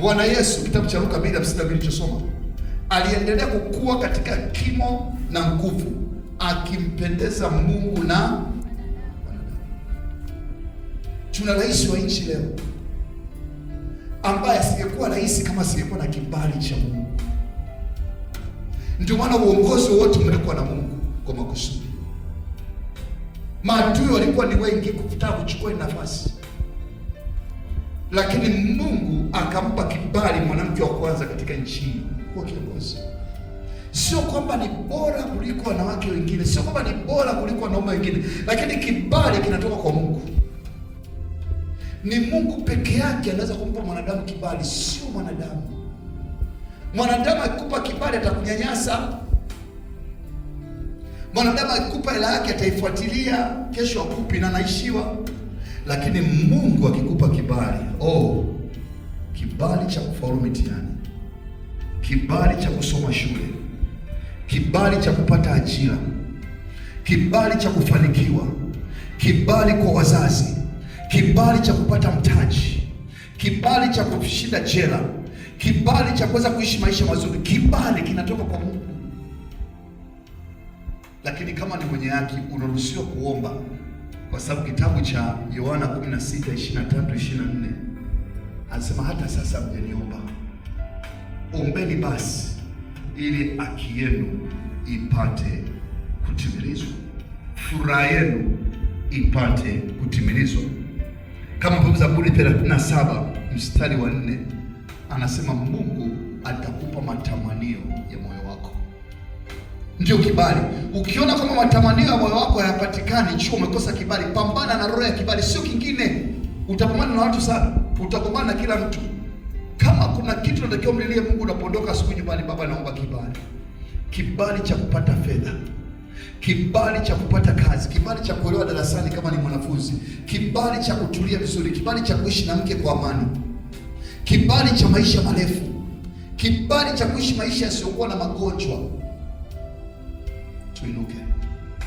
Bwana Yesu kitabu cha Luka 2:52 ilichosoma, aliendelea kukua katika kimo na nguvu, akimpendeza Mungu na tuna rais wa nchi leo ambaye asingekuwa rais kama asingekuwa na kibali cha Mungu. Ndio maana uongozi wote umekuwa na Mungu kwa makusudi. Maadui walikuwa ni wengi kutaka kuchukua nafasi lakini Mungu akampa kibali mwanamke wa kwanza katika nchi hii kuwa kiongozi. Sio kwamba ni bora kuliko wanawake wengine, sio kwamba ni bora kuliko wanaume wengine, lakini kibali kinatoka kwa Mungu. Ni Mungu peke yake anaweza kumpa mwanadamu kibali, sio mwanadamu. Mwanadamu akikupa kibali atakunyanyasa. Mwanadamu akikupa hela yake ataifuatilia, kesho akupi na naishiwa lakini Mungu akikupa kibali cha kufaulu mitihani, kibali cha kusoma shule, kibali cha kupata ajira, kibali cha kufanikiwa, kibali kwa wazazi, kibali cha kupata mtaji, kibali cha kushinda jela, kibali cha kuweza kuishi maisha mazuri. Kibali kinatoka kwa Mungu, lakini kama ni mwenye haki unaruhusiwa kuomba, kwa sababu kitabu cha Yohana 16:23 24 anasema hata sasa mjeniomba, ombeni basi ili haki yenu ipate kutimilizwa, furaha yenu ipate kutimilizwa. Kama Zaburi 37 mstari wa nne anasema Mungu atakupa matamanio ya moyo wako. Ndiyo kibali. Ukiona kama matamanio ya moyo wako hayapatikani, jua umekosa kibali. Pambana na roho ya kibali, sio kingine. Utapambana na watu sana utakumbana na kila mtu. Kama kuna kitu natakiwa mlilie Mungu unapoondoka siku nyumbani, Baba naomba kibali, kibali cha kupata fedha, kibali cha kupata kazi, kibali cha kuolewa darasani kama ni mwanafunzi, kibali cha kutulia vizuri, kibali cha kuishi na mke kwa amani, kibali cha maisha marefu, kibali cha kuishi maisha yasiyokuwa na magonjwa. Tuinuke.